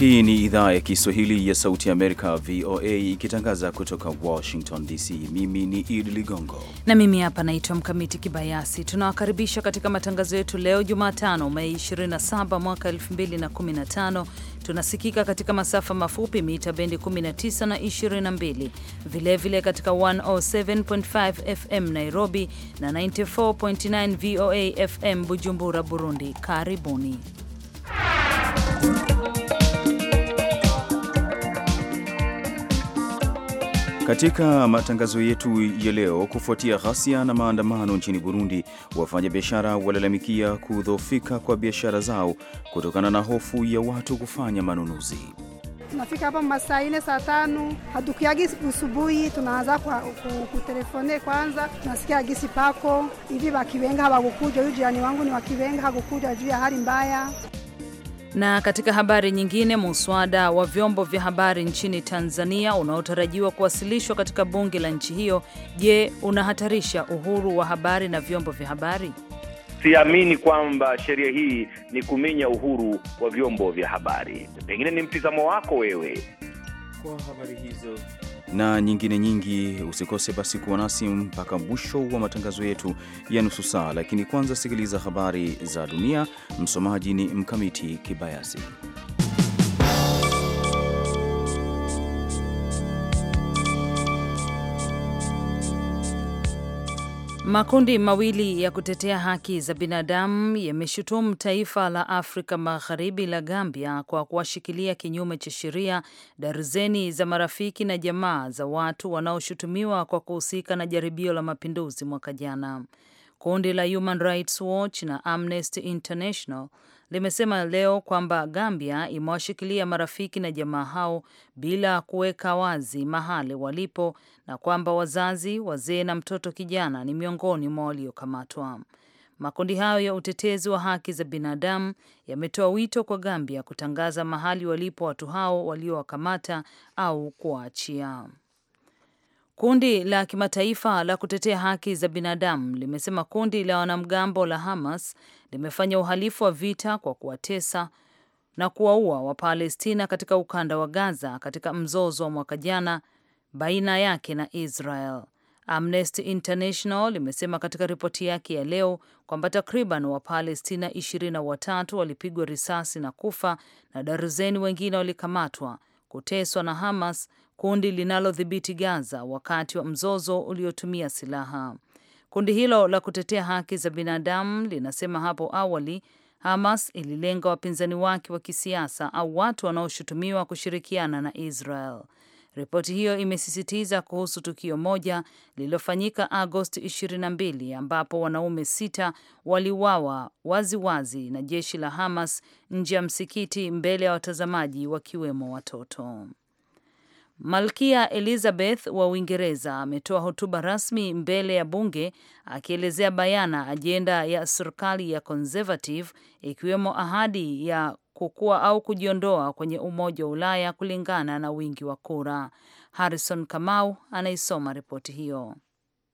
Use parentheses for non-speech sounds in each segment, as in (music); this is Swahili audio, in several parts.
Hii ni idhaa ya Kiswahili ya Sauti ya Amerika, VOA, ikitangaza kutoka Washington DC. Mimi ni Idi Ligongo na mimi hapa naitwa Mkamiti Kibayasi. Tunawakaribisha katika matangazo yetu leo Jumatano, Mei 27 mwaka 2015. Tunasikika katika masafa mafupi mita bendi 19 na 22, vilevile vile katika 107.5 FM Nairobi na 94.9 VOA FM Bujumbura, Burundi. Karibuni. Katika matangazo yetu ya leo, kufuatia ghasia na maandamano nchini Burundi, wafanyabiashara walalamikia kudhoofika kwa biashara zao kutokana na hofu ya watu kufanya manunuzi. Tunafika hapa masaa ine saa tano hatukiagi usubuhi, tunaanza kwa kutelefone kwanza, tunasikia gisi pako hivi, wakiwenga hawakukuja. Huyu jirani wangu ni wakiwenga hakukuja juu ya hali mbaya. Na katika habari nyingine, muswada wa vyombo vya habari nchini Tanzania unaotarajiwa kuwasilishwa katika bunge la nchi hiyo, je, unahatarisha uhuru wa habari na vyombo vya habari? Siamini kwamba sheria hii ni kuminya uhuru wa vyombo vya habari. Pengine ni mtizamo wako wewe kwa habari hizo na nyingine nyingi. Usikose basi kuwa nasi mpaka mwisho wa matangazo yetu ya nusu saa, lakini kwanza sikiliza habari za dunia. Msomaji ni Mkamiti Kibayasi. Makundi mawili ya kutetea haki za binadamu yameshutumu taifa la Afrika Magharibi la Gambia kwa kuwashikilia kinyume cha sheria darzeni za marafiki na jamaa za watu wanaoshutumiwa kwa kuhusika na jaribio la mapinduzi mwaka jana. Kundi la Human Rights Watch na Amnesty International limesema leo kwamba Gambia imewashikilia marafiki na jamaa hao bila kuweka wazi mahali walipo na kwamba wazazi, wazee na mtoto kijana ni miongoni mwa waliokamatwa. Makundi hayo ya utetezi wa haki za binadamu yametoa wito kwa Gambia kutangaza mahali walipo watu hao waliowakamata au kuwaachia. Kundi la kimataifa la kutetea haki za binadamu limesema kundi la wanamgambo la Hamas limefanya uhalifu wa vita kwa kuwatesa na kuwaua Wapalestina katika ukanda wa Gaza katika mzozo wa mwaka jana baina yake na Israel. Amnesty International limesema katika ripoti yake ya leo kwamba takriban Wapalestina ishirini na watatu walipigwa risasi na kufa na darzeni wengine walikamatwa, kuteswa na Hamas kundi linalodhibiti Gaza wakati wa mzozo uliotumia silaha. Kundi hilo la kutetea haki za binadamu linasema hapo awali Hamas ililenga wapinzani wake wa kisiasa au watu wanaoshutumiwa kushirikiana na Israel. Ripoti hiyo imesisitiza kuhusu tukio moja lililofanyika Agosti 22 ambapo wanaume sita waliuawa waziwazi na jeshi la Hamas nje ya msikiti mbele ya watazamaji wakiwemo watoto. Malkia Elizabeth wa Uingereza ametoa hotuba rasmi mbele ya bunge akielezea bayana ajenda ya serikali ya Conservative ikiwemo ahadi ya kukua au kujiondoa kwenye Umoja wa Ulaya kulingana na wingi wa kura. Harrison Kamau anaisoma ripoti hiyo.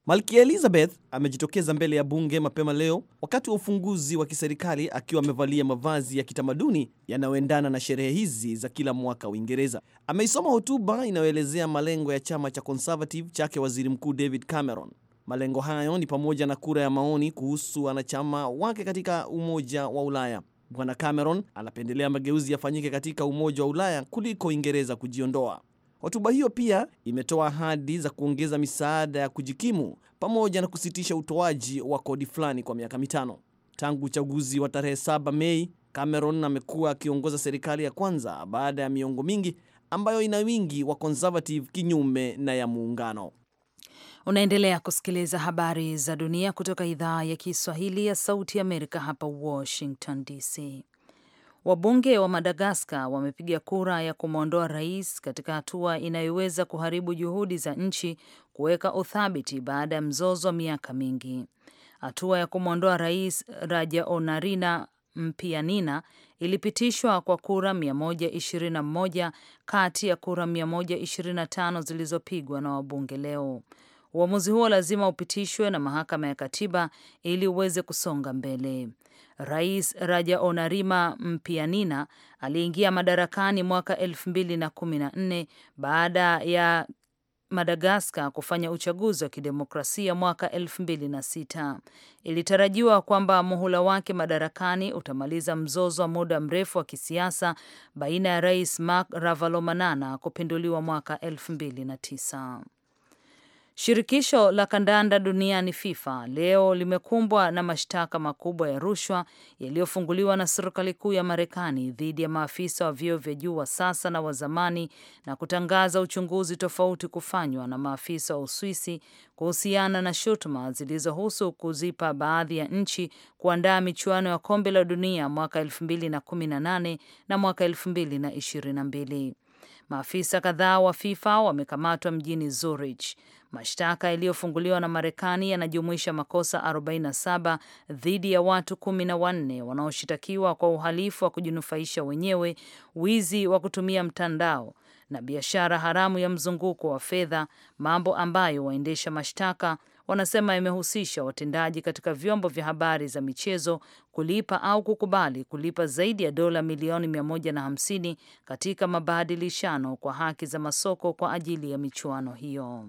Malkia Elizabeth amejitokeza mbele ya bunge mapema leo wakati wa ufunguzi wa kiserikali akiwa amevalia mavazi ya kitamaduni yanayoendana na sherehe hizi za kila mwaka Uingereza. Ameisoma hotuba inayoelezea malengo ya chama cha Conservative chake waziri mkuu David Cameron. Malengo hayo ni pamoja na kura ya maoni kuhusu wanachama wake katika Umoja wa Ulaya. Bwana Cameron anapendelea mageuzi yafanyike katika Umoja wa Ulaya kuliko Uingereza kujiondoa. Hotuba hiyo pia imetoa ahadi za kuongeza misaada ya kujikimu pamoja na kusitisha utoaji wa kodi fulani kwa miaka mitano. Tangu uchaguzi wa tarehe 7 Mei, Cameron amekuwa akiongoza serikali ya kwanza baada ya miongo mingi ambayo ina wingi wa conservative kinyume na ya muungano. Unaendelea kusikiliza habari za dunia kutoka idhaa ya Kiswahili ya Sauti ya Amerika hapa Washington DC. Wabunge wa Madagaskar wamepiga kura ya kumwondoa rais katika hatua inayoweza kuharibu juhudi za nchi kuweka uthabiti baada ya mzozo wa miaka mingi. Hatua ya kumwondoa rais Rajaonarina Mpianina ilipitishwa kwa kura 121 kati ya kura 125 zilizopigwa na wabunge leo. Uamuzi huo lazima upitishwe na mahakama ya katiba ili uweze kusonga mbele. Rais Rajaonarima Mpianina aliingia madarakani mwaka elfu mbili na kumi nne baada ya Madagaskar kufanya uchaguzi wa kidemokrasia mwaka elfu sita. Ilitarajiwa kwamba muhula wake madarakani utamaliza mzozo wa muda mrefu wa kisiasa baina ya Rais Marc Ravalomanana kupinduliwa mwaka tisa. Shirikisho la kandanda duniani FIFA leo limekumbwa na mashtaka makubwa ya rushwa yaliyofunguliwa na serikali kuu ya Marekani dhidi ya maafisa wa vyeo vya juu wa sasa na wa zamani na kutangaza uchunguzi tofauti kufanywa na maafisa wa Uswisi kuhusiana na shutuma zilizohusu kuzipa baadhi ya nchi kuandaa michuano ya kombe la dunia mwaka 2018 na mwaka 2022. Maafisa kadhaa wa FIFA wamekamatwa mjini Zurich. Mashtaka yaliyofunguliwa na Marekani yanajumuisha makosa 47 dhidi ya watu kumi na wanne wanaoshitakiwa kwa uhalifu wa kujinufaisha wenyewe, wizi wa kutumia mtandao na biashara haramu ya mzunguko wa fedha, mambo ambayo waendesha mashtaka wanasema yamehusisha watendaji katika vyombo vya habari za michezo kulipa au kukubali kulipa zaidi ya dola milioni 150 katika mabadilishano kwa haki za masoko kwa ajili ya michuano hiyo.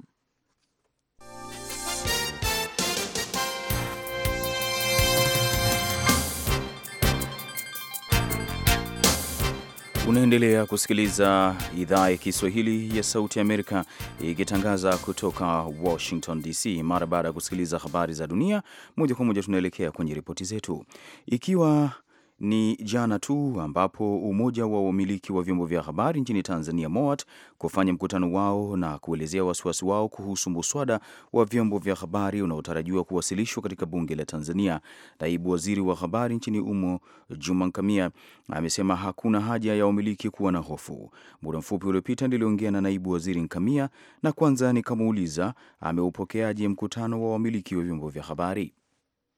Unaendelea kusikiliza idhaa ya Kiswahili ya Sauti ya Amerika ikitangaza kutoka Washington DC. Mara baada ya kusikiliza habari za dunia moja kwa moja, tunaelekea kwenye ripoti zetu. Ikiwa ni jana tu ambapo umoja wa wamiliki wa vyombo vya habari nchini Tanzania, MOAT, kufanya mkutano wao na kuelezea wasiwasi wao kuhusu muswada wa vyombo vya habari unaotarajiwa kuwasilishwa katika bunge la Tanzania. Naibu waziri wa habari nchini humo Juma Nkamia amesema hakuna haja ya wamiliki kuwa na hofu. Muda mfupi uliopita niliongea na naibu waziri Nkamia na kwanza nikamuuliza ameupokeaje mkutano wa wamiliki wa vyombo vya habari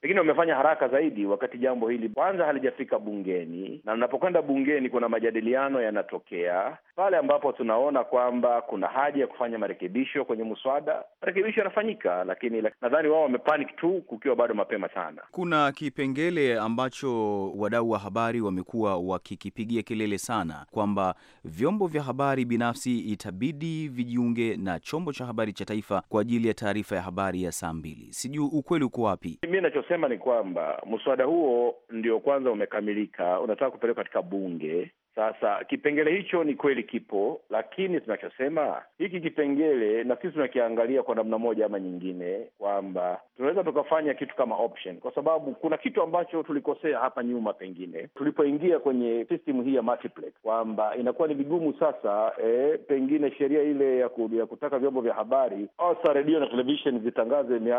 lakini wamefanya haraka zaidi wakati jambo hili kwanza halijafika bungeni, na unapokwenda bungeni kuna majadiliano yanatokea pale ambapo tunaona kwamba kuna haja ya kufanya marekebisho kwenye mswada marekebisho yanafanyika, lakini nadhani wao wamepanic tu kukiwa bado mapema sana. Kuna kipengele ambacho wadau wa habari wamekuwa wakikipigia kelele sana kwamba vyombo vya habari binafsi itabidi vijiunge na chombo cha habari cha taifa kwa ajili ya taarifa ya habari ya saa mbili. Sijui ukweli uko wapi? nacho Ninachosema ni kwamba mswada huo ndio kwanza umekamilika, unataka kupelekwa katika bunge sasa kipengele hicho ni kweli kipo, lakini tunachosema hiki kipengele na sisi tunakiangalia kwa namna moja ama nyingine, kwamba tunaweza tukafanya kitu kama option, kwa sababu kuna kitu ambacho tulikosea hapa nyuma, pengine tulipoingia kwenye system hii ya multiplex, kwamba inakuwa ni vigumu sasa eh, pengine sheria ile ya, ku, ya kutaka vyombo vya habari hasa redio na television zitangaze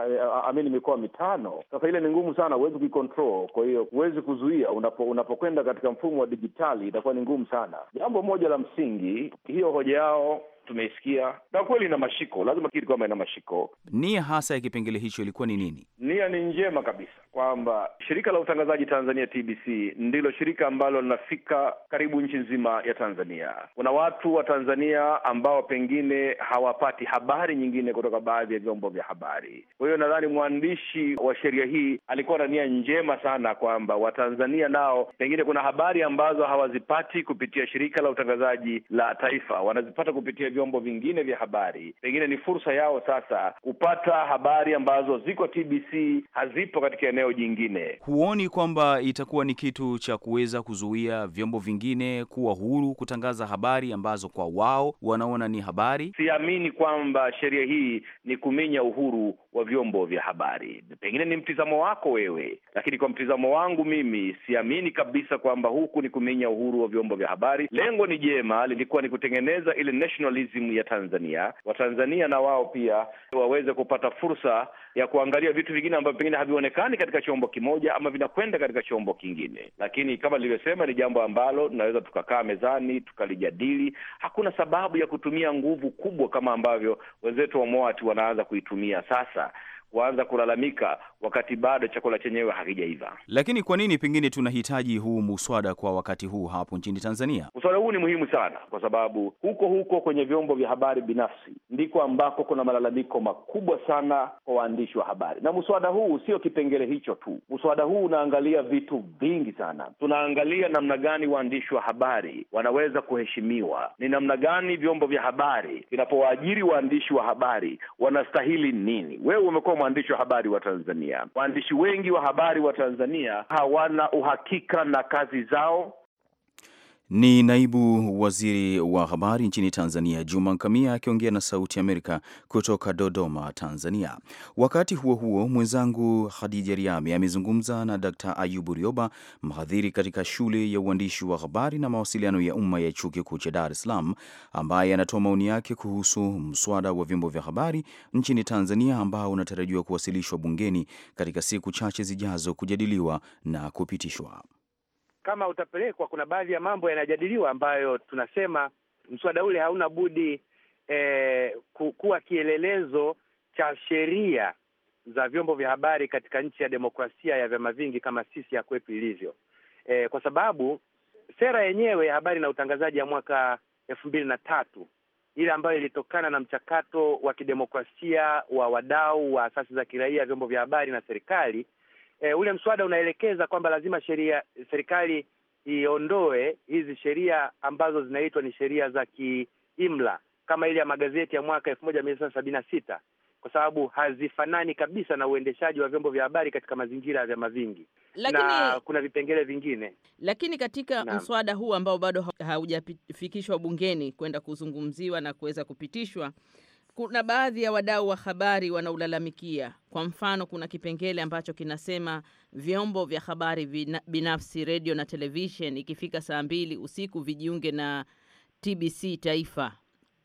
amini eh, mikoa mitano. Sasa ile ni ngumu sana, huwezi kuicontrol. Kwa hiyo huwezi kuzuia, unapokwenda unapo katika mfumo wa dijitali itakuwa ni ngumu sana. Jambo moja la msingi, hiyo hoja yao tumeisikia na kweli ina mashiko, lazima kiri kwamba ina mashiko. Nia hasa ya kipengele hicho ilikuwa ni nini? Nia ni njema kabisa, kwamba shirika la utangazaji Tanzania TBC ndilo shirika ambalo linafika karibu nchi nzima ya Tanzania. Kuna watu wa Tanzania ambao pengine hawapati habari nyingine kutoka baadhi ya vyombo vya habari. Kwa hiyo nadhani mwandishi wa sheria hii alikuwa na nia njema sana kwamba Watanzania nao pengine kuna habari ambazo hawazipati kupitia shirika la utangazaji la taifa, wanazipata kupitia vyombo vingine vya habari. Pengine ni fursa yao sasa kupata habari ambazo ziko TBC hazipo katika eneo eneo jingine. Huoni kwamba itakuwa ni kitu cha kuweza kuzuia vyombo vingine kuwa huru kutangaza habari ambazo kwa wao wanaona ni habari? Siamini kwamba sheria hii ni kuminya uhuru wa vyombo vya habari. Pengine ni mtizamo wako wewe, lakini kwa mtizamo wangu mimi siamini kabisa kwamba huku ni kuminya uhuru wa vyombo vya habari. Lengo ni jema, lilikuwa ni kutengeneza ile nationalism ya Tanzania, Watanzania na wao pia waweze kupata fursa ya kuangalia vitu vingine ambavyo pengine havionekani katika chombo kimoja ama vinakwenda katika chombo kingine. Lakini kama nilivyosema, ni jambo ambalo tunaweza tukakaa mezani tukalijadili. Hakuna sababu ya kutumia nguvu kubwa kama ambavyo wenzetu wa MOAT wanaanza kuitumia sasa waanza kulalamika wakati bado chakula chenyewe hakijaiva. Lakini kwa nini pengine tunahitaji huu muswada kwa wakati huu hapo nchini Tanzania? Muswada huu ni muhimu sana, kwa sababu huko huko kwenye vyombo vya habari binafsi ndiko ambako kuna malalamiko makubwa sana kwa waandishi wa habari, na muswada huu sio kipengele hicho tu. Muswada huu unaangalia vitu vingi sana. Tunaangalia namna gani waandishi wa habari wanaweza kuheshimiwa, ni namna gani vyombo vya habari vinapowaajiri waandishi wa habari wanastahili nini. Wewe umekuwa mwandishi wa habari wa Tanzania. Waandishi wengi wa habari wa Tanzania hawana uhakika na kazi zao ni naibu waziri wa habari nchini Tanzania, Juma Nkamia, akiongea na Sauti Amerika kutoka Dodoma, Tanzania. Wakati huo huo, mwenzangu Khadija Riami amezungumza na Dr Ayubu Rioba, mhadhiri katika shule ya uandishi wa habari na mawasiliano ya umma ya Chuo Kikuu cha Dar es Salaam, ambaye anatoa maoni yake kuhusu mswada wa vyombo vya habari nchini Tanzania ambao unatarajiwa kuwasilishwa bungeni katika siku chache zijazo kujadiliwa na kupitishwa kama utapelekwa, kuna baadhi ya mambo yanajadiliwa ambayo tunasema mswada ule hauna budi eh, kuwa kielelezo cha sheria za vyombo vya habari katika nchi ya demokrasia ya vyama vingi kama sisi ya kwetu ilivyo, eh, kwa sababu sera yenyewe ya habari na utangazaji ya mwaka elfu mbili na tatu ile ambayo ilitokana na mchakato wa kidemokrasia wa wadau wa asasi za kiraia, vyombo vya habari na serikali e, ule mswada unaelekeza kwamba lazima sheria serikali iondoe hizi sheria ambazo zinaitwa ni sheria za kiimla kama ile ya magazeti ya mwaka elfu moja mia tisa sabini na sita kwa sababu hazifanani kabisa na uendeshaji wa vyombo vya habari katika mazingira ya vyama vingi, lakini na kuna vipengele vingine. Lakini katika na mswada huu ambao bado haujafikishwa bungeni kwenda kuzungumziwa na kuweza kupitishwa kuna baadhi ya wadau wa habari wanaulalamikia. Kwa mfano, kuna kipengele ambacho kinasema vyombo vya habari binafsi, redio na televishen, ikifika saa mbili usiku vijiunge na TBC Taifa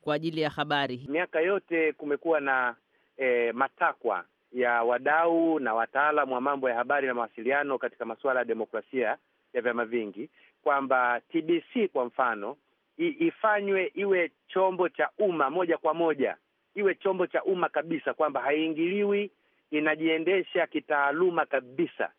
kwa ajili ya habari. Miaka yote kumekuwa na e, matakwa ya wadau na wataalamu wa mambo ya habari na mawasiliano katika masuala ya demokrasia ya vyama vingi kwamba TBC kwa mfano ifanywe iwe chombo cha umma moja kwa moja iwe chombo cha umma kabisa, kwamba haiingiliwi, inajiendesha kitaaluma kabisa.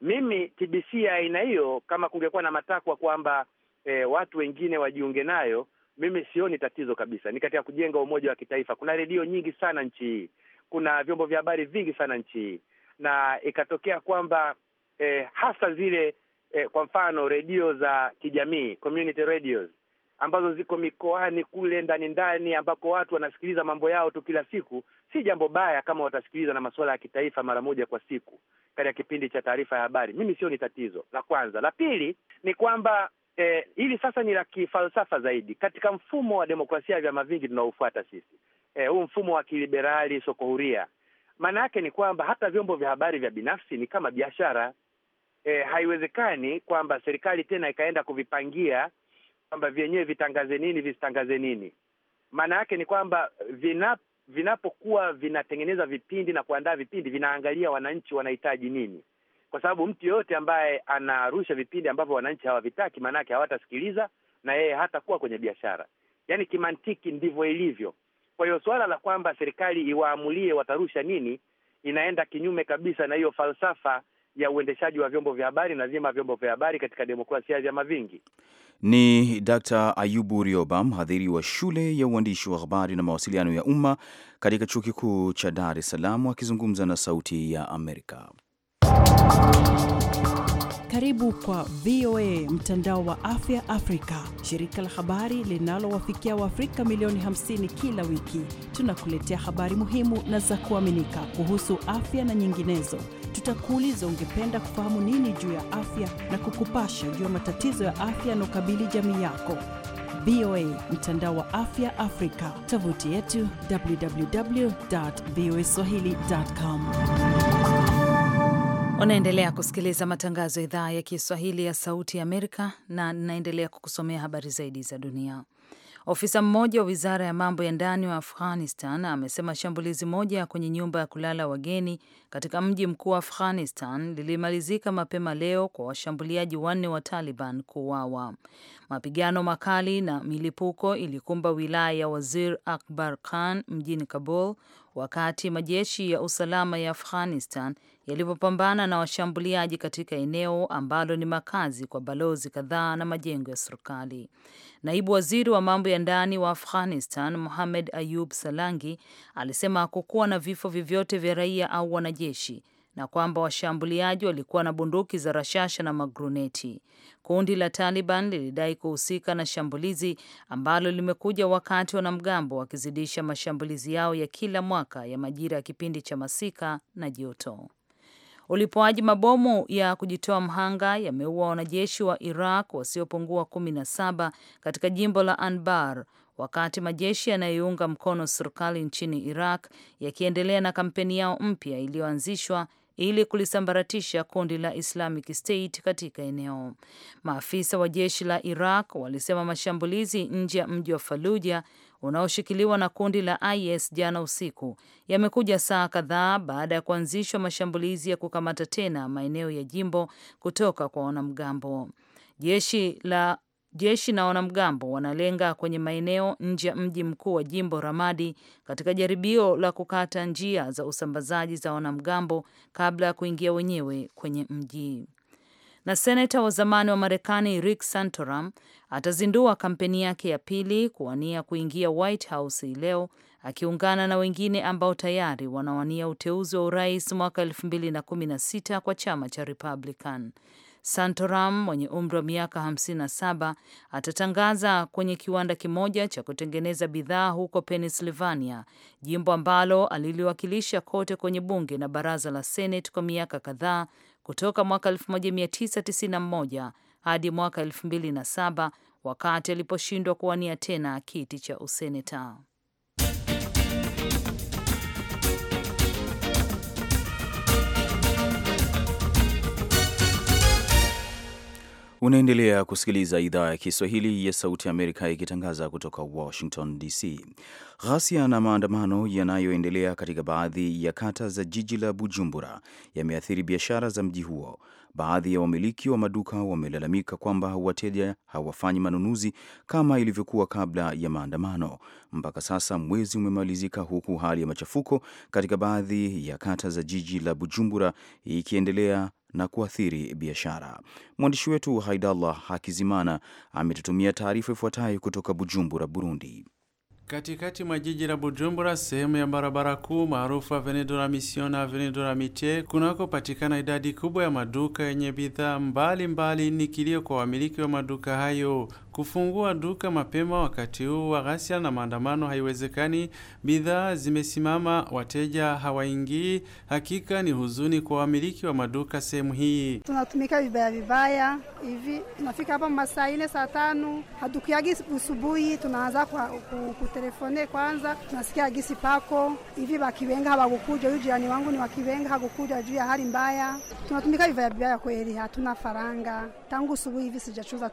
Mimi TBC ya aina hiyo, kama kungekuwa na matakwa kwamba e, watu wengine wajiunge nayo, mimi sioni tatizo kabisa. Ni katika kujenga umoja wa kitaifa. Kuna redio nyingi sana nchi hii, kuna vyombo vya habari vingi sana nchi hii, na ikatokea kwamba e, hasa zile e, kwa mfano redio za kijamii community radios ambazo ziko mikoani kule ndani ndani, ambako watu wanasikiliza mambo yao tu kila siku, si jambo baya kama watasikiliza na masuala ya kitaifa mara moja kwa siku katika kipindi cha taarifa ya habari. Mimi sio ni tatizo, la kwanza. La pili ni kwamba eh, hili sasa ni la kifalsafa zaidi katika mfumo wa demokrasia ya vyama vingi tunaofuata sisi, eh, huu mfumo wa kiliberali soko huria. Maana yake ni kwamba hata vyombo vya habari vya binafsi ni kama biashara. Eh, haiwezekani kwamba serikali tena ikaenda kuvipangia kwamba vyenyewe vitangaze nini visitangaze nini. Maana yake ni kwamba vinap, vinapokuwa vinatengeneza vipindi na kuandaa vipindi vinaangalia wananchi wanahitaji nini, kwa sababu mtu yoyote ambaye anarusha vipindi ambavyo wananchi hawavitaki, maana yake hawatasikiliza na yeye hatakuwa kwenye biashara. Yani kimantiki ndivyo ilivyo. Kwa hiyo suala la kwamba serikali iwaamulie watarusha nini inaenda kinyume kabisa na hiyo falsafa ya uendeshaji wa vyombo vya habari na vyema vyombo vya habari katika demokrasia ya vyama vingi. Ni Dr. Ayubu Rioba, mhadhiri wa shule ya uandishi wa habari na mawasiliano ya umma katika chuo kikuu cha Dar es Salaam akizungumza na Sauti ya Amerika. Karibu kwa VOA mtandao wa afya Afrika, shirika la habari linalowafikia Waafrika milioni 50 kila wiki. Tunakuletea habari muhimu na za kuaminika kuhusu afya na nyinginezo Tutakuuliza ungependa kufahamu nini juu ya afya na kukupasha juu ya matatizo ya afya yanaokabili jamii yako. VOA mtandao wa afya Afrika, tovuti yetu www.voaswahili.com. Unaendelea kusikiliza matangazo ya idhaa ya Kiswahili ya Sauti Amerika, na ninaendelea kukusomea habari zaidi za dunia. Ofisa mmoja wa wizara ya mambo ya ndani wa Afghanistan amesema shambulizi moja kwenye nyumba ya kulala wageni katika mji mkuu wa Afghanistan lilimalizika mapema leo kwa washambuliaji wanne wa Taliban kuuawa. Mapigano makali na milipuko ilikumba wilaya ya Wazir Akbar Khan mjini Kabul wakati majeshi ya usalama ya Afghanistan yalipopambana na washambuliaji katika eneo ambalo ni makazi kwa balozi kadhaa na majengo ya serikali. Naibu waziri wa mambo ya ndani wa Afghanistan, muhamed Ayub Salangi, alisema hakukuwa na vifo vyovyote vya raia au wanajeshi, na kwamba washambuliaji walikuwa na bunduki za rashasha na magruneti. Kundi la Taliban lilidai kuhusika na shambulizi ambalo limekuja wakati wanamgambo wakizidisha mashambulizi yao ya kila mwaka ya majira ya kipindi cha masika na joto. Ulipoaji mabomu ya kujitoa mhanga yameua wanajeshi wa Iraq wasiopungua kumi na saba katika jimbo la Anbar wakati majeshi yanayoiunga mkono serikali nchini Iraq yakiendelea na kampeni yao mpya iliyoanzishwa ili kulisambaratisha kundi la Islamic State katika eneo. Maafisa wa jeshi la Iraq walisema mashambulizi nje ya mji wa Faluja unaoshikiliwa na kundi la IS jana usiku yamekuja saa kadhaa baada ya kuanzishwa mashambulizi ya kukamata tena maeneo ya jimbo kutoka kwa wanamgambo. Jeshi la Jeshi na wanamgambo wanalenga kwenye maeneo nje ya mji mkuu wa jimbo Ramadi katika jaribio la kukata njia za usambazaji za wanamgambo kabla ya kuingia wenyewe kwenye mji. Na seneta wa zamani wa Marekani Rick Santorum atazindua kampeni yake ya pili kuwania kuingia White House hii leo akiungana na wengine ambao tayari wanawania uteuzi wa urais mwaka 2016 kwa chama cha Republican. Santoram mwenye umri wa miaka 57 atatangaza kwenye kiwanda kimoja cha kutengeneza bidhaa huko Pennsylvania, jimbo ambalo aliliwakilisha kote kwenye bunge na baraza la Senate kwa miaka kadhaa kutoka mwaka 1991 hadi mwaka 2007 wakati aliposhindwa kuwania tena kiti cha useneta. Unaendelea kusikiliza idhaa ya Kiswahili ya Sauti ya Amerika ikitangaza kutoka Washington DC. Ghasia na maandamano yanayoendelea katika baadhi ya kata za jiji la Bujumbura yameathiri biashara za mji huo. Baadhi ya wamiliki wa maduka wamelalamika kwamba wateja hawafanyi manunuzi kama ilivyokuwa kabla ya maandamano. Mpaka sasa mwezi umemalizika, huku hali ya machafuko katika baadhi ya kata za jiji la Bujumbura ikiendelea na kuathiri biashara. Mwandishi wetu Haidallah Hakizimana ametutumia taarifa ifuatayo kutoka Bujumbura, Burundi. Katikati mwa jiji la Bujumbura, sehemu ya barabara kuu maarufu Avenue de la Mission na Avenue de la Mitie, kunakopatikana idadi kubwa ya maduka yenye bidhaa mbalimbali, ni kilio kwa wamiliki wa maduka hayo. Kufungua duka mapema wakati huu wa ghasia na maandamano haiwezekani. Bidhaa zimesimama, wateja hawaingii. Hakika ni huzuni kwa wamiliki wa maduka sehemu hii. Tunatumika vibaya vibaya hivi, tunafika hapa masaa ine saa tano, hatukiagi usubuhi, tunaanza kwa kutelefone kwanza, tunasikia gisi pako hivi, wakiwenga hawakukuja. Huyu jirani wangu ni wakiwenga hakukuja juu ya hali mbaya. Tunatumika vibaya vibaya kweli, hatuna faranga. Tangu subuhi hivi sijachuza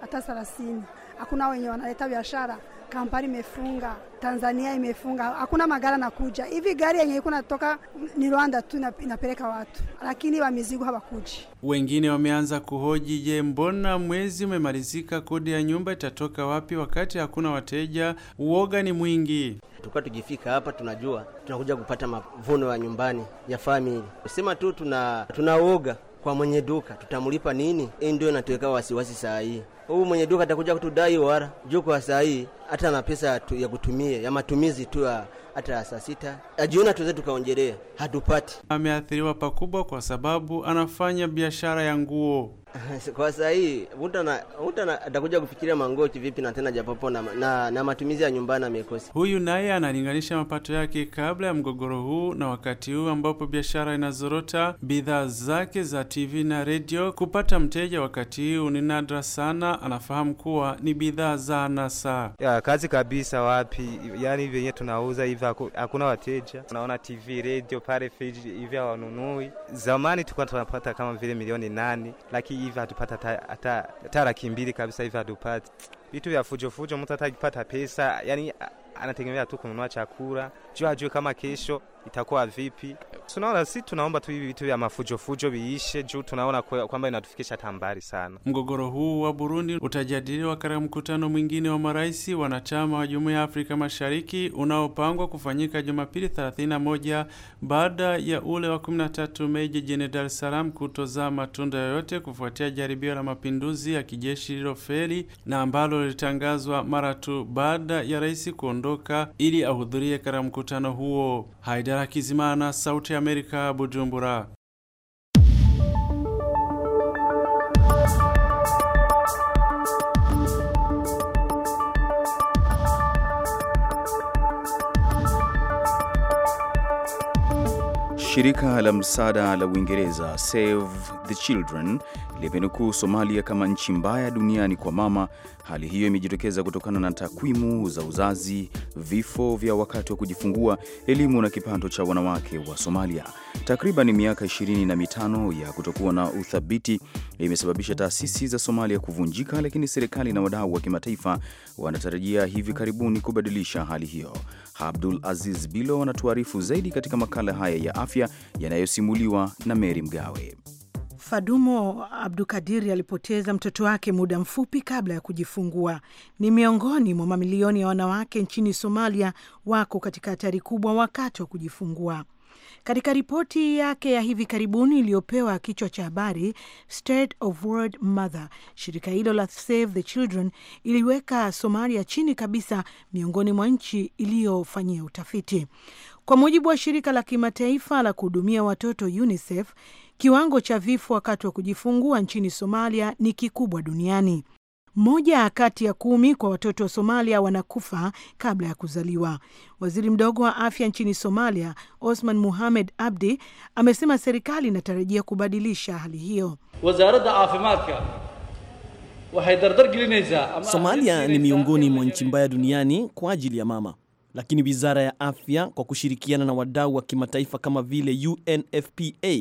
hata thelathini. Hakuna wenye wanaleta biashara, kampani imefunga, Tanzania imefunga, hakuna magari nakuja hivi. Gari yenye iko natoka ni Rwanda tu inapeleka watu, lakini wa mizigo hawakuji. Wengine wameanza kuhoji, je, mbona mwezi umemalizika, kodi ya nyumba itatoka wapi wakati hakuna wateja? Uoga ni mwingi. Tukuwa tujifika hapa, tunajua tunakuja kupata mavuno ya nyumbani ya famili, sema tu tuna tunauoga kwa mwenye duka tutamlipa nini? Hii ndio inatuweka wasiwasi saa hii. Huyu mwenye duka atakuja kutudai wara juu kwa saa hii, hata na pesa ya kutumia ya matumizi tu hata saa sita ajiona tuweze tukaonjelea, hatupati. Ameathiriwa pakubwa kwa sababu anafanya biashara ya nguo (laughs) kwa saa hii mtu atakuja kufikiria manguo kivipi na tena japopo na, na, na matumizi ya nyumbani amekosa. Huyu naye analinganisha mapato yake kabla ya mgogoro huu na wakati huu ambapo biashara inazorota, bidhaa zake za TV na redio kupata mteja wakati huu ni nadra sana. Anafahamu kuwa ni bidhaa za anasa ya kazi kabisa. Wapi yani vyenye tunauza hivi hivyo hakuna wateja, unaona TV, radio pale, fridge hivi hawanunui. Zamani tulikuwa tunapata kama vile milioni nane, lakini hivi hatupata hata laki mbili kabisa, hivi hatupati vitu vya fujofujo, mtu atakipata pesa yani anategemea tu kununua chakula juu hajui kama kesho itakuwa vipi. Tunaona si tunaomba tu hivi vitu vya mafujofujo viishe, juu tunaona kwamba inatufikisha tambari sana. Mgogoro huu wa Burundi utajadiliwa katika mkutano mwingine wa marais wanachama wa Jumuiya ya Afrika Mashariki unaopangwa kufanyika Jumapili 31 baada ya ule wa 13 Mei jijini Dar es Salaam kutozaa matunda yoyote kufuatia jaribio la mapinduzi ya kijeshi lililofeli na ambalo lilitangazwa mara tu baada ya rais kuondoka kuondoka ili ahudhurie katika mkutano huo. haidara kizimana Sauti ya Amerika, Bujumbura. Shirika la msaada la Uingereza Save the Children limenukuu Somalia kama nchi mbaya duniani kwa mama. Hali hiyo imejitokeza kutokana na takwimu za uzazi, vifo vya wakati wa kujifungua, elimu na kipato cha wanawake wa Somalia. Takriban miaka ishirini na mitano ya kutokuwa na uthabiti imesababisha taasisi za Somalia kuvunjika, lakini serikali na wadau wa kimataifa wanatarajia hivi karibuni kubadilisha hali hiyo. Abdul Aziz Bilo anatuarifu zaidi katika makala haya ya afya yanayosimuliwa na Meri Mgawe. Fadumo Abdukadiri alipoteza mtoto wake muda mfupi kabla ya kujifungua. Ni miongoni mwa mamilioni ya wanawake nchini Somalia wako katika hatari kubwa wakati wa kujifungua. Katika ripoti yake ya hivi karibuni iliyopewa kichwa cha habari State of World Mother, shirika hilo la Save the Children iliweka Somalia chini kabisa miongoni mwa nchi iliyofanyia utafiti. Kwa mujibu wa shirika la kimataifa la kuhudumia watoto UNICEF, Kiwango cha vifo wakati wa kujifungua nchini Somalia ni kikubwa duniani. Mmoja kati ya kumi kwa watoto wa Somalia wanakufa kabla ya kuzaliwa. Waziri mdogo wa afya nchini Somalia, Osman Muhamed Abdi, amesema serikali inatarajia kubadilisha hali hiyo. Wazarada afimadka Somalia ni miongoni mwa nchi mbaya duniani kwa ajili ya mama, lakini wizara ya afya kwa kushirikiana na wadau wa kimataifa kama vile UNFPA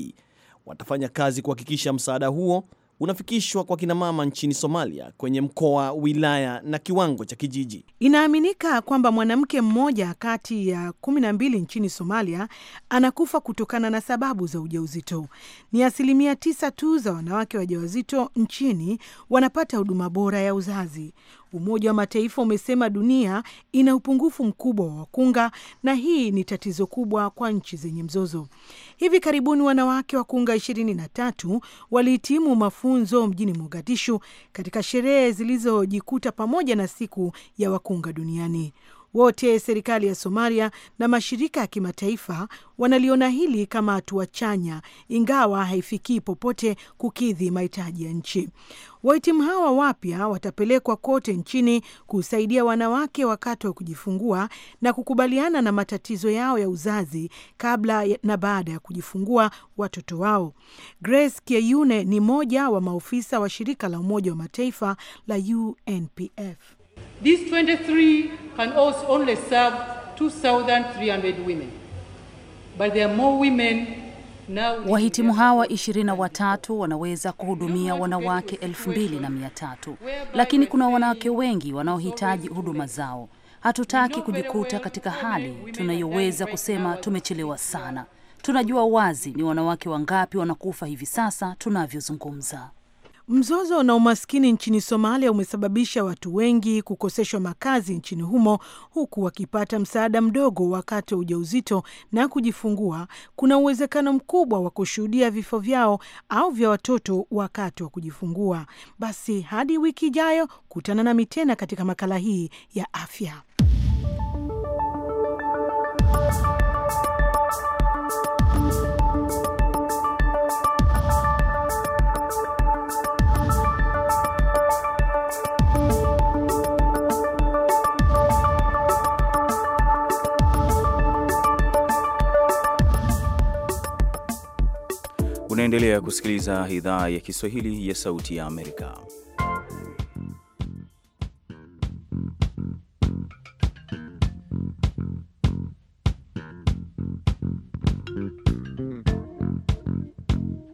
watafanya kazi kuhakikisha msaada huo unafikishwa kwa kinamama nchini Somalia kwenye mkoa, wilaya na kiwango cha kijiji. Inaaminika kwamba mwanamke mmoja kati ya kumi na mbili nchini Somalia anakufa kutokana na sababu za ujauzito. Ni asilimia tisa tu za wanawake wajawazito nchini wanapata huduma bora ya uzazi. Umoja wa Mataifa umesema dunia ina upungufu mkubwa wa wakunga na hii ni tatizo kubwa kwa nchi zenye mzozo. Hivi karibuni wanawake wakunga ishirini na tatu walihitimu mafunzo mjini Mogadishu katika sherehe zilizojikuta pamoja na siku ya wakunga duniani. Wote serikali ya Somalia na mashirika ya kimataifa wanaliona hili kama hatua chanya, ingawa haifikii popote kukidhi mahitaji ya nchi. Wahitimu hawa wapya watapelekwa kote nchini kusaidia wanawake wakati wa kujifungua na kukubaliana na matatizo yao ya uzazi kabla na baada ya kujifungua watoto wao. Grace Kieyune ni mmoja wa maofisa wa shirika la Umoja wa Mataifa la UNPF. These 23 can also only serve 2,300 women. But there are more women Wahitimu hawa 23 wanaweza kuhudumia wanawake 2300 lakini kuna wanawake wengi wanaohitaji huduma zao. Hatutaki kujikuta katika hali tunayoweza kusema tumechelewa sana. Tunajua wazi ni wanawake wangapi wanakufa hivi sasa tunavyozungumza. Mzozo na umaskini nchini Somalia umesababisha watu wengi kukoseshwa makazi nchini humo huku wakipata msaada mdogo wakati wa ujauzito na kujifungua. Kuna uwezekano mkubwa wa kushuhudia vifo vyao au vya watoto wakati wa kujifungua. Basi hadi wiki ijayo, kutana nami tena katika makala hii ya afya. Unaendelea kusikiliza idhaa ya Kiswahili ya Sauti ya Amerika.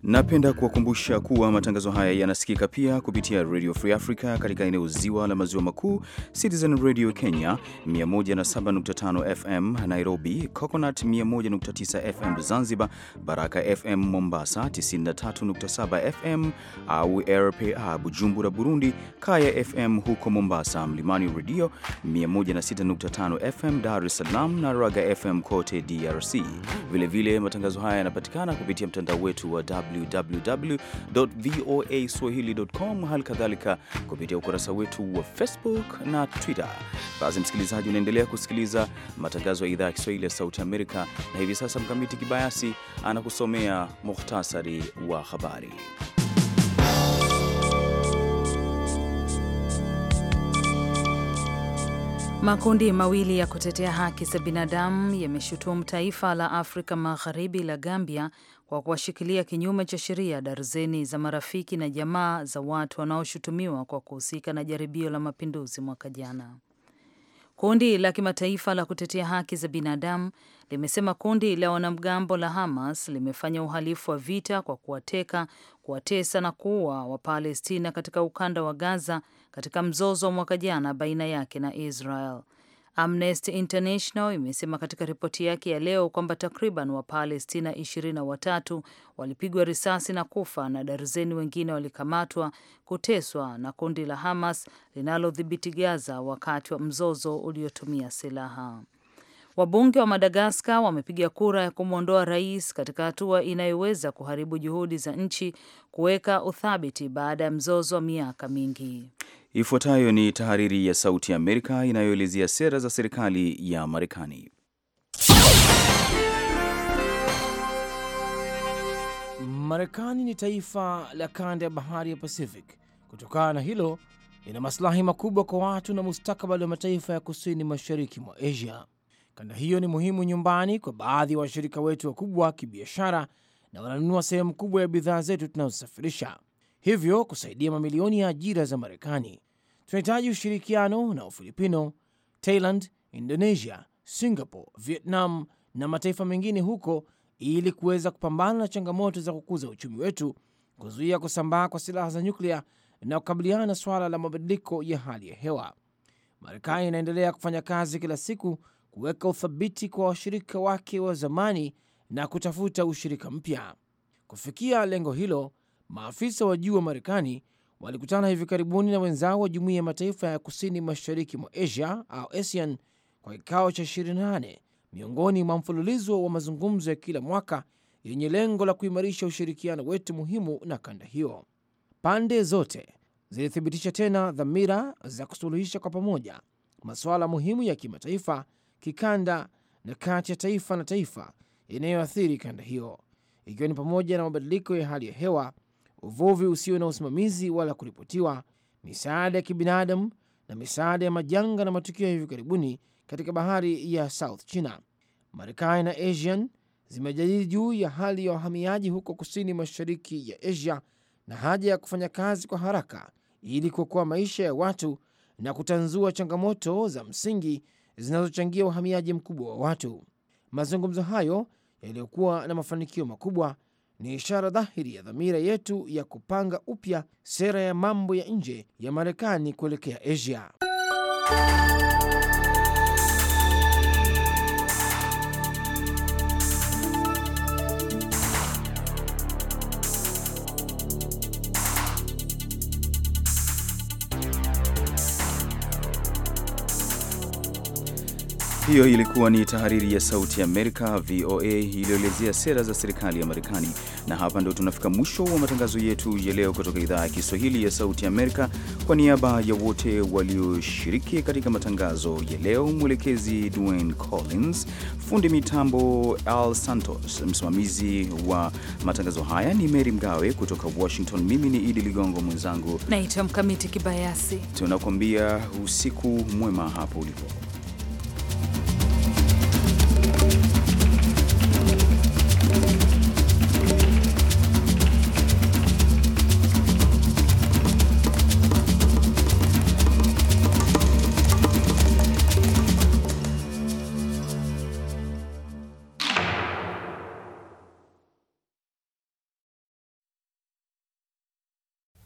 Napenda kuwakumbusha kuwa matangazo haya yanasikika pia kupitia Radio Free Africa katika eneo ziwa la maziwa makuu, Citizen Radio Kenya 107.5 FM Nairobi, Coconut 101.9 FM Zanzibar, Baraka FM Mombasa 93.7 FM au RPA Bujumbura, Burundi, Kaya FM huko Mombasa, Mlimani Radio 106.5 FM Dar es Salaam na Raga FM kote DRC. Vilevile vile matangazo haya yanapatikana kupitia mtandao wetu wa w www.voaswahili.com, hali kadhalika kupitia ukurasa wetu wa Facebook na Twitter. Basi msikilizaji, unaendelea kusikiliza matangazo ya idhaa ya Kiswahili ya Sauti Amerika, na hivi sasa Mkamiti Kibayasi anakusomea muhtasari wa habari. Makundi mawili ya kutetea haki za binadamu yameshutumu taifa la Afrika Magharibi la Gambia kwa kuwashikilia kinyume cha sheria darzeni za marafiki na jamaa za watu wanaoshutumiwa kwa kuhusika na jaribio la mapinduzi mwaka jana. Kundi la kimataifa la kutetea haki za binadamu limesema kundi la wanamgambo la Hamas limefanya uhalifu wa vita kwa kuwateka, kuwatesa na kuua Wapalestina katika ukanda wa Gaza katika mzozo wa mwaka jana baina yake na Israel. Amnesty International imesema katika ripoti yake ya leo kwamba takriban Wapalestina ishirini na watatu walipigwa risasi na kufa na darzeni wengine walikamatwa, kuteswa na kundi la Hamas linalodhibiti Gaza wakati wa mzozo uliotumia silaha. Wabunge wa Madagaskar wamepiga kura ya kumwondoa rais katika hatua inayoweza kuharibu juhudi za nchi kuweka uthabiti baada ya mzozo wa miaka mingi. Ifuatayo ni tahariri ya Sauti ya Amerika inayoelezea sera za serikali ya Marekani. Marekani ni taifa la kanda ya bahari ya Pacific. Kutokana na hilo, ina masilahi makubwa kwa watu na mustakabali wa mataifa ya kusini mashariki mwa Asia. Kanda hiyo ni muhimu nyumbani kwa baadhi ya wa washirika wetu wakubwa kibiashara, na wananunua sehemu kubwa ya bidhaa zetu tunazosafirisha, hivyo kusaidia mamilioni ya ajira za Marekani tunahitaji ushirikiano na Ufilipino, Thailand, Indonesia, Singapore, Vietnam na mataifa mengine huko ili kuweza kupambana na changamoto za kukuza uchumi wetu, kuzuia kusambaa kwa silaha za nyuklia na kukabiliana na suala la mabadiliko ya hali ya hewa. Marekani inaendelea kufanya kazi kila siku kuweka uthabiti kwa washirika wake wa zamani na kutafuta ushirika mpya. Kufikia lengo hilo, maafisa wa juu wa Marekani walikutana hivi karibuni na wenzao wa Jumuiya ya Mataifa ya Kusini Mashariki mwa Asia au ASEAN kwa kikao cha 28 miongoni mwa mfululizo wa mazungumzo ya kila mwaka yenye lengo la kuimarisha ushirikiano wetu muhimu na kanda hiyo. Pande zote zilithibitisha tena dhamira za kusuluhisha kwa pamoja masuala muhimu ya kimataifa, kikanda na kati ya taifa na taifa yanayoathiri kanda hiyo, ikiwa ni pamoja na mabadiliko ya hali ya hewa uvuvi usio na usimamizi wala kuripotiwa, misaada ya kibinadamu na misaada ya majanga na matukio ya hivi karibuni katika bahari ya South China. Marekani na ASEAN zimejadili juu ya hali ya wahamiaji huko kusini mashariki ya Asia na haja ya kufanya kazi kwa haraka ili kuokoa maisha ya watu na kutanzua changamoto za msingi zinazochangia uhamiaji mkubwa wa watu. Mazungumzo hayo yaliyokuwa na mafanikio makubwa ni ishara dhahiri ya dhamira yetu ya kupanga upya sera ya mambo ya nje ya Marekani kuelekea Asia. Hiyo ilikuwa ni tahariri ya Sauti ya Amerika, VOA, iliyoelezea sera za serikali ya Marekani. Na hapa ndo tunafika mwisho wa matangazo yetu ya leo kutoka idhaa ya Kiswahili ya Sauti ya Amerika. Kwa niaba ya wote walioshiriki katika matangazo ya leo, mwelekezi Dwayne Collins, fundi mitambo Al Santos, msimamizi wa matangazo haya ni Mary Mgawe kutoka Washington. Mimi ni Idi Ligongo, mwenzangu naitwa Mkamiti Kibayasi. Tunakuambia usiku mwema hapo ulipo.